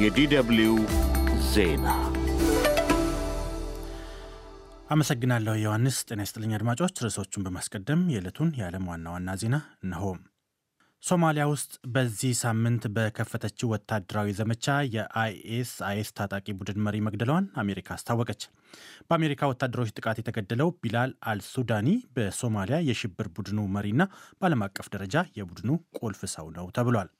የዲደብሊው ዜና አመሰግናለሁ ዮሐንስ። ጤና ይስጥልኝ አድማጮች። ርዕሶቹን በማስቀደም የዕለቱን የዓለም ዋና ዋና ዜና እነሆ። ሶማሊያ ውስጥ በዚህ ሳምንት በከፈተችው ወታደራዊ ዘመቻ የአይኤስ አይኤስ ታጣቂ ቡድን መሪ መግደሏን አሜሪካ አስታወቀች። በአሜሪካ ወታደሮች ጥቃት የተገደለው ቢላል አልሱዳኒ በሶማሊያ የሽብር ቡድኑ መሪና በዓለም አቀፍ ደረጃ የቡድኑ ቁልፍ ሰው ነው ተብሏል።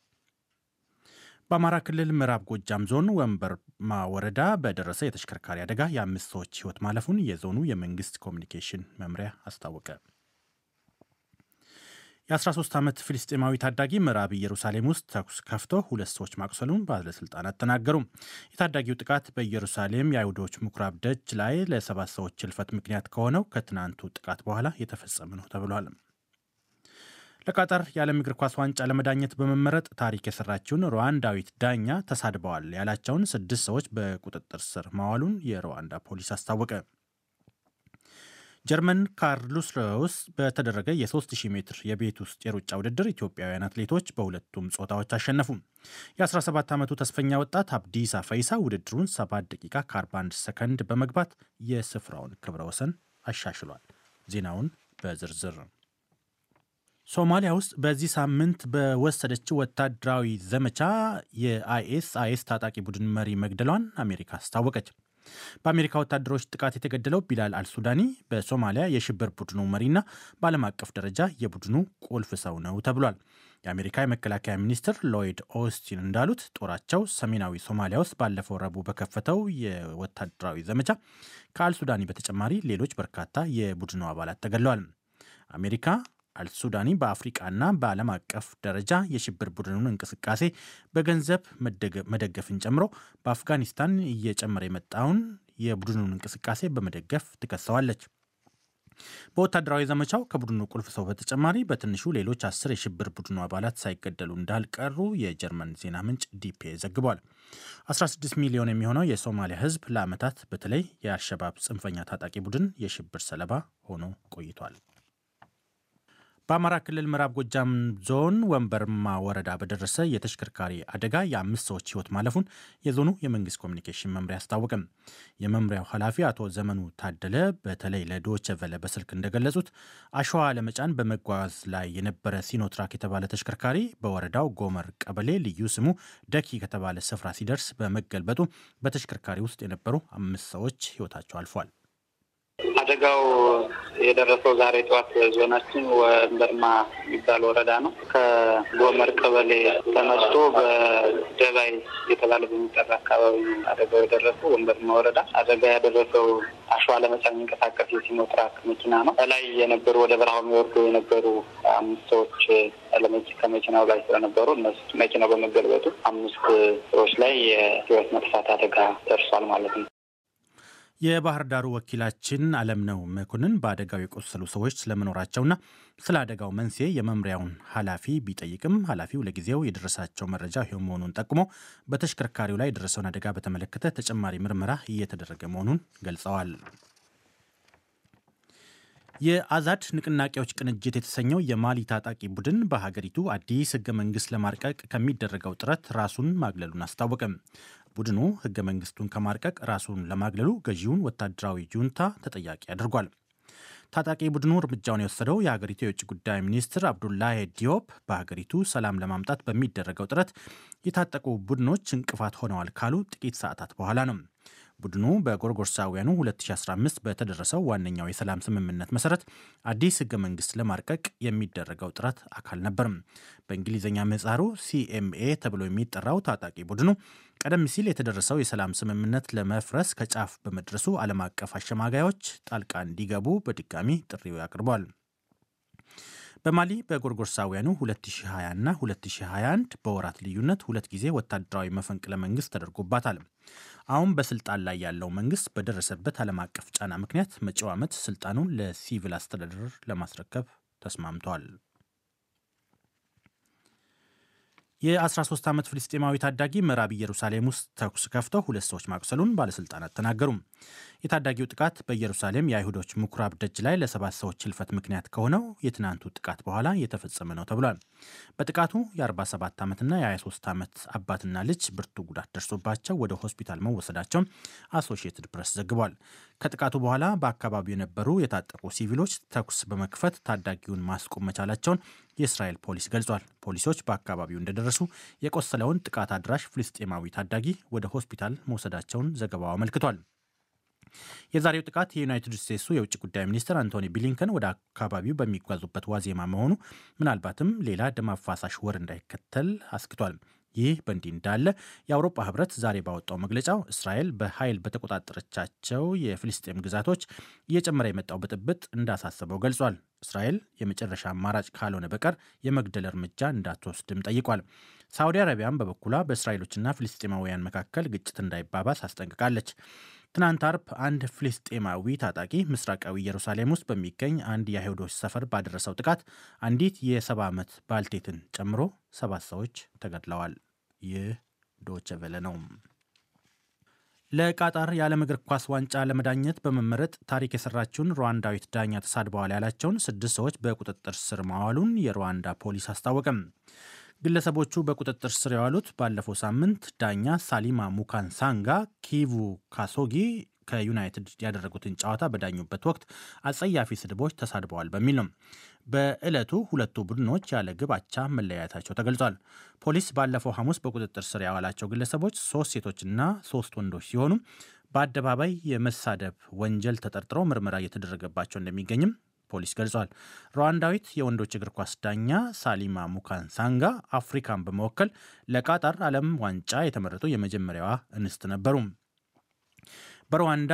በአማራ ክልል ምዕራብ ጎጃም ዞን ወንበርማ ወረዳ በደረሰ የተሽከርካሪ አደጋ የአምስት ሰዎች ሕይወት ማለፉን የዞኑ የመንግስት ኮሚኒኬሽን መምሪያ አስታወቀ። የ13 ዓመት ፊልስጤማዊ ታዳጊ ምዕራብ ኢየሩሳሌም ውስጥ ተኩስ ከፍቶ ሁለት ሰዎች ማቁሰሉን ባለሥልጣናት ተናገሩ። የታዳጊው ጥቃት በኢየሩሳሌም የአይሁዶች ምኩራብ ደጅ ላይ ለሰባት ሰዎች ሕልፈት ምክንያት ከሆነው ከትናንቱ ጥቃት በኋላ የተፈጸመ ነው ተብሏል። ለቃጠር የዓለም እግር ኳስ ዋንጫ ለመዳኘት በመመረጥ ታሪክ የሰራችውን ሩዋንዳዊት ዳኛ ተሳድበዋል ያላቸውን ስድስት ሰዎች በቁጥጥር ስር ማዋሉን የሩዋንዳ ፖሊስ አስታወቀ። ጀርመን ካርሉስ ሮስ በተደረገ የ3000 ሜትር የቤት ውስጥ የሩጫ ውድድር ኢትዮጵያውያን አትሌቶች በሁለቱም ጾታዎች አሸነፉ። የ17 ዓመቱ ተስፈኛ ወጣት አብዲሳ ፈይሳ ውድድሩን 7 ደቂቃ ከ41 ሰከንድ በመግባት የስፍራውን ክብረ ወሰን አሻሽሏል። ዜናውን በዝርዝር ሶማሊያ ውስጥ በዚህ ሳምንት በወሰደችው ወታደራዊ ዘመቻ የአይኤስ አይኤስ ታጣቂ ቡድን መሪ መግደሏን አሜሪካ አስታወቀች። በአሜሪካ ወታደሮች ጥቃት የተገደለው ቢላል አልሱዳኒ በሶማሊያ የሽብር ቡድኑ መሪና በዓለም አቀፍ ደረጃ የቡድኑ ቁልፍ ሰው ነው ተብሏል። የአሜሪካ የመከላከያ ሚኒስትር ሎይድ ኦስቲን እንዳሉት ጦራቸው ሰሜናዊ ሶማሊያ ውስጥ ባለፈው ረቡዕ በከፈተው የወታደራዊ ዘመቻ ከአልሱዳኒ በተጨማሪ ሌሎች በርካታ የቡድኑ አባላት ተገድለዋል። አሜሪካ አልሱዳኒ በአፍሪቃና በዓለም አቀፍ ደረጃ የሽብር ቡድኑን እንቅስቃሴ በገንዘብ መደገፍን ጨምሮ በአፍጋኒስታን እየጨመረ የመጣውን የቡድኑን እንቅስቃሴ በመደገፍ ትከሰዋለች። በወታደራዊ ዘመቻው ከቡድኑ ቁልፍ ሰው በተጨማሪ በትንሹ ሌሎች አስር የሽብር ቡድኑ አባላት ሳይገደሉ እንዳልቀሩ የጀርመን ዜና ምንጭ ዲፒኤ ዘግቧል። 16 ሚሊዮን የሚሆነው የሶማሊያ ሕዝብ ለዓመታት በተለይ የአሸባብ ጽንፈኛ ታጣቂ ቡድን የሽብር ሰለባ ሆኖ ቆይቷል። በአማራ ክልል ምዕራብ ጎጃም ዞን ወንበርማ ወረዳ በደረሰ የተሽከርካሪ አደጋ የአምስት ሰዎች ህይወት ማለፉን የዞኑ የመንግስት ኮሚኒኬሽን መምሪያ አስታወቀም። የመምሪያው ኃላፊ አቶ ዘመኑ ታደለ በተለይ ለዶቼ ቨለ በስልክ እንደገለጹት አሸዋ ለመጫን በመጓዝ ላይ የነበረ ሲኖትራክ የተባለ ተሽከርካሪ በወረዳው ጎመር ቀበሌ ልዩ ስሙ ደኪ ከተባለ ስፍራ ሲደርስ በመገልበጡ በተሽከርካሪ ውስጥ የነበሩ አምስት ሰዎች ህይወታቸው አልፏል። አደጋው የደረሰው ዛሬ ጠዋት ዞናችን ወንበርማ የሚባል ወረዳ ነው። ከጎመር ቀበሌ ተነስቶ በደባይ የተባለ በሚጠራ አካባቢ አደጋው የደረሰው ወንበርማ ወረዳ። አደጋ ያደረሰው አሸዋ ለመጫን የሚንቀሳቀስ የሲኖትራክ መኪና ነው። ከላይ የነበሩ ወደ በረሃ የሚወርዱ የነበሩ አምስት ሰዎች ከመኪናው ላይ ስለነበሩ እነሱ መኪናው በመገልበጡ አምስት ሰዎች ላይ የህይወት መጥፋት አደጋ ደርሷል ማለት ነው። የባህር ዳሩ ወኪላችን አለምነው መኮንን በአደጋው የቆሰሉ ሰዎች ስለመኖራቸውና ስለ አደጋው መንስኤ የመምሪያውን ኃላፊ ቢጠይቅም ኃላፊው ለጊዜው የደረሳቸው መረጃ ይኸው መሆኑን ጠቁሞ በተሽከርካሪው ላይ የደረሰውን አደጋ በተመለከተ ተጨማሪ ምርመራ እየተደረገ መሆኑን ገልጸዋል። የአዛድ ንቅናቄዎች ቅንጅት የተሰኘው የማሊ ታጣቂ ቡድን በሀገሪቱ አዲስ ህገ መንግስት ለማርቀቅ ከሚደረገው ጥረት ራሱን ማግለሉን አስታወቀም። ቡድኑ ህገ መንግስቱን ከማርቀቅ ራሱን ለማግለሉ ገዢውን ወታደራዊ ጁንታ ተጠያቂ አድርጓል። ታጣቂ ቡድኑ እርምጃውን የወሰደው የሀገሪቱ የውጭ ጉዳይ ሚኒስትር አብዱላሂ ዲዮፕ በሀገሪቱ ሰላም ለማምጣት በሚደረገው ጥረት የታጠቁ ቡድኖች እንቅፋት ሆነዋል ካሉ ጥቂት ሰዓታት በኋላ ነው። ቡድኑ በጎርጎርሳውያኑ 2015 በተደረሰው ዋነኛው የሰላም ስምምነት መሰረት አዲስ ህገ መንግስት ለማርቀቅ የሚደረገው ጥረት አካል ነበርም። በእንግሊዝኛ ምህጻሩ ሲኤምኤ ተብሎ የሚጠራው ታጣቂ ቡድኑ ቀደም ሲል የተደረሰው የሰላም ስምምነት ለመፍረስ ከጫፍ በመድረሱ ዓለም አቀፍ አሸማጋዮች ጣልቃ እንዲገቡ በድጋሚ ጥሪው አቅርቧል። በማሊ በጎርጎርሳውያኑ 2020 እና 2021 በወራት ልዩነት ሁለት ጊዜ ወታደራዊ መፈንቅለ መንግስት ተደርጎባታል። አሁን በስልጣን ላይ ያለው መንግስት በደረሰበት ዓለም አቀፍ ጫና ምክንያት መጪው ዓመት ስልጣኑን ለሲቪል አስተዳደር ለማስረከብ ተስማምቷል። የ13 ዓመት ፍልስጤማዊ ታዳጊ ምዕራብ ኢየሩሳሌም ውስጥ ተኩስ ከፍተው ሁለት ሰዎች ማቁሰሉን ባለሥልጣናት ተናገሩ። የታዳጊው ጥቃት በኢየሩሳሌም የአይሁዶች ምኩራብ ደጅ ላይ ለሰባት ሰዎች ህልፈት ምክንያት ከሆነው የትናንቱ ጥቃት በኋላ የተፈጸመ ነው ተብሏል። በጥቃቱ የ47 ዓመትና የ23 ዓመት አባትና ልጅ ብርቱ ጉዳት ደርሶባቸው ወደ ሆስፒታል መወሰዳቸው አሶሺየትድ ፕሬስ ዘግቧል። ከጥቃቱ በኋላ በአካባቢው የነበሩ የታጠቁ ሲቪሎች ተኩስ በመክፈት ታዳጊውን ማስቆም መቻላቸውን የእስራኤል ፖሊስ ገልጿል። ፖሊሶች በአካባቢው እንደደረሱ የቆሰለውን ጥቃት አድራሽ ፍልስጤማዊ ታዳጊ ወደ ሆስፒታል መውሰዳቸውን ዘገባው አመልክቷል። የዛሬው ጥቃት የዩናይትድ ስቴትሱ የውጭ ጉዳይ ሚኒስትር አንቶኒ ብሊንከን ወደ አካባቢው በሚጓዙበት ዋዜማ መሆኑ ምናልባትም ሌላ ደም አፋሳሽ ወር እንዳይከተል አስግቷል። ይህ በእንዲህ እንዳለ የአውሮፓ ህብረት ዛሬ ባወጣው መግለጫው እስራኤል በኃይል በተቆጣጠረቻቸው የፍልስጤም ግዛቶች እየጨመረ የመጣው ብጥብጥ እንዳሳሰበው ገልጿል። እስራኤል የመጨረሻ አማራጭ ካልሆነ በቀር የመግደል እርምጃ እንዳትወስድም ጠይቋል። ሳውዲ አረቢያም በበኩሏ በእስራኤሎችና ፍልስጤማውያን መካከል ግጭት እንዳይባባስ አስጠንቅቃለች። ትናንት አርብ አንድ ፍልስጤማዊ ታጣቂ ምስራቃዊ ኢየሩሳሌም ውስጥ በሚገኝ አንድ የአይሁዶች ሰፈር ባደረሰው ጥቃት አንዲት የሰባ ዓመት ባልቴትን ጨምሮ ሰባት ሰዎች ተገድለዋል። ይህ ዶቼ ቬለ ነው። ለቃጣር የዓለም እግር ኳስ ዋንጫ ለመዳኘት በመመረጥ ታሪክ የሰራችውን ሩዋንዳዊት ዳኛ ተሳድበዋል ያላቸውን ስድስት ሰዎች በቁጥጥር ስር ማዋሉን የሩዋንዳ ፖሊስ አስታወቀም። ግለሰቦቹ በቁጥጥር ስር የዋሉት ባለፈው ሳምንት ዳኛ ሳሊማ ሙካንሳንጋ ኪቩ ካሶጊ ከዩናይትድ ያደረጉትን ጨዋታ በዳኙበት ወቅት አጸያፊ ስድቦች ተሳድበዋል በሚል ነው። በዕለቱ ሁለቱ ቡድኖች ያለ ግብ አቻ መለያየታቸው ተገልጿል። ፖሊስ ባለፈው ሐሙስ በቁጥጥር ስር ያዋላቸው ግለሰቦች ሶስት ሴቶችና ሶስት ወንዶች ሲሆኑ በአደባባይ የመሳደብ ወንጀል ተጠርጥረው ምርመራ እየተደረገባቸው እንደሚገኝም ፖሊስ ገልጿል። ሩዋንዳዊት የወንዶች እግር ኳስ ዳኛ ሳሊማ ሙካንሳንጋ አፍሪካን በመወከል ለቃጣር ዓለም ዋንጫ የተመረጡ የመጀመሪያዋ እንስት ነበሩ። በሩዋንዳ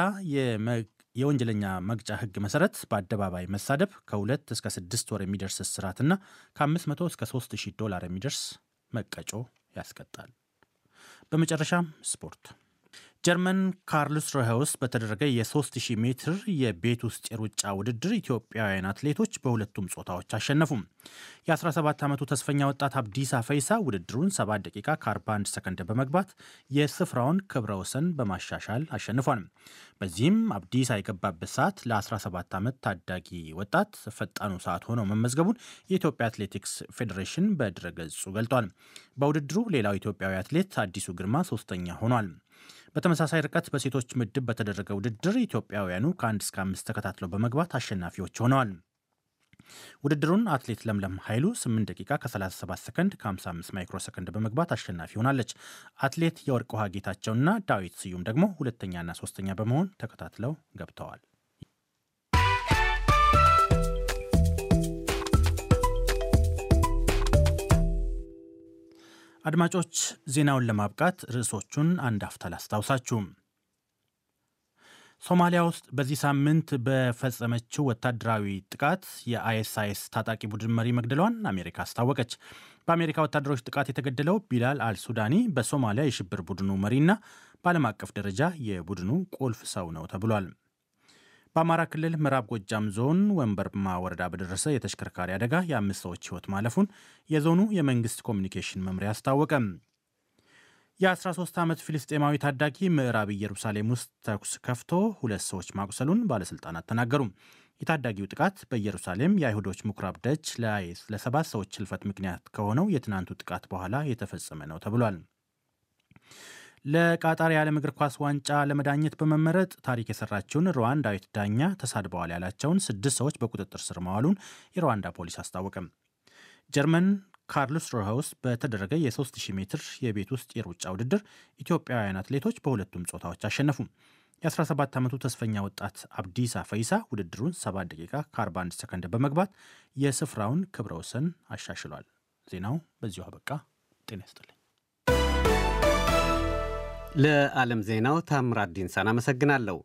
የወንጀለኛ መቅጫ ሕግ መሰረት በአደባባይ መሳደብ ከሁለት እስከ ስድስት ወር የሚደርስ እስራትና ከ500 እስከ 3000 ዶላር የሚደርስ መቀጮ ያስቀጣል። በመጨረሻም ስፖርት ጀርመን ካርልስ ሮሄ ውስጥ በተደረገ የ3000 ሜትር የቤት ውስጥ የሩጫ ውድድር ኢትዮጵያውያን አትሌቶች በሁለቱም ጾታዎች አሸነፉም። የ17 ዓመቱ ተስፈኛ ወጣት አብዲሳ ፈይሳ ውድድሩን 7 ደቂቃ ከ41 ሰከንድ በመግባት የስፍራውን ክብረ ወሰን በማሻሻል አሸንፏል። በዚህም አብዲሳ የገባበት ሰዓት ለ17 ዓመት ታዳጊ ወጣት ፈጣኑ ሰዓት ሆኖ መመዝገቡን የኢትዮጵያ አትሌቲክስ ፌዴሬሽን በድረገጹ ገልጧል። በውድድሩ ሌላው ኢትዮጵያዊ አትሌት አዲሱ ግርማ ሶስተኛ ሆኗል። በተመሳሳይ ርቀት በሴቶች ምድብ በተደረገ ውድድር ኢትዮጵያውያኑ ከአንድ እስከ አምስት ተከታትለው በመግባት አሸናፊዎች ሆነዋል። ውድድሩን አትሌት ለምለም ኃይሉ 8 ደቂቃ ከ37 ሰከንድ ከ55 ማይክሮ ሰከንድ በመግባት አሸናፊ ሆናለች። አትሌት የወርቅ ውሃ ጌታቸውና ዳዊት ስዩም ደግሞ ሁለተኛና ሶስተኛ በመሆን ተከታትለው ገብተዋል። አድማጮች ዜናውን ለማብቃት ርዕሶቹን አንድ አፍታ ላስታውሳችሁ። ሶማሊያ ውስጥ በዚህ ሳምንት በፈጸመችው ወታደራዊ ጥቃት የአይኤስአይኤስ ታጣቂ ቡድን መሪ መግደሏን አሜሪካ አስታወቀች። በአሜሪካ ወታደሮች ጥቃት የተገደለው ቢላል አልሱዳኒ በሶማሊያ የሽብር ቡድኑ መሪና በዓለም አቀፍ ደረጃ የቡድኑ ቁልፍ ሰው ነው ተብሏል። በአማራ ክልል ምዕራብ ጎጃም ዞን ወንበርማ ወረዳ በደረሰ የተሽከርካሪ አደጋ የአምስት ሰዎች ሕይወት ማለፉን የዞኑ የመንግስት ኮሚኒኬሽን መምሪያ አስታወቀ። የ13 ዓመት ፊልስጤማዊ ታዳጊ ምዕራብ ኢየሩሳሌም ውስጥ ተኩስ ከፍቶ ሁለት ሰዎች ማቁሰሉን ባለሥልጣናት ተናገሩ። የታዳጊው ጥቃት በኢየሩሳሌም የአይሁዶች ምኩራብ ደጅ ለሰባት ሰዎች ህልፈት ምክንያት ከሆነው የትናንቱ ጥቃት በኋላ የተፈጸመ ነው ተብሏል። ለቃጣር የዓለም እግር ኳስ ዋንጫ ለመዳኘት በመመረጥ ታሪክ የሰራችውን ሩዋንዳዊት ዳኛ ተሳድበዋል ያላቸውን ስድስት ሰዎች በቁጥጥር ስር መዋሉን የሩዋንዳ ፖሊስ አስታወቀም። ጀርመን ካርሎስ ሮሃውስ በተደረገ የ3000 ሜትር የቤት ውስጥ የሩጫ ውድድር ኢትዮጵያውያን አትሌቶች በሁለቱም ጾታዎች አሸነፉም። የ17 ዓመቱ ተስፈኛ ወጣት አብዲሳ ፈይሳ ውድድሩን 7 ደቂቃ ከ41 ሰከንድ በመግባት የስፍራውን ክብረ ወሰን አሻሽሏል። ዜናው በዚሁ አበቃ። ጤና ይስጥልኝ። ለዓለም ዜናው ታምራት ዲንሳን አመሰግናለሁ።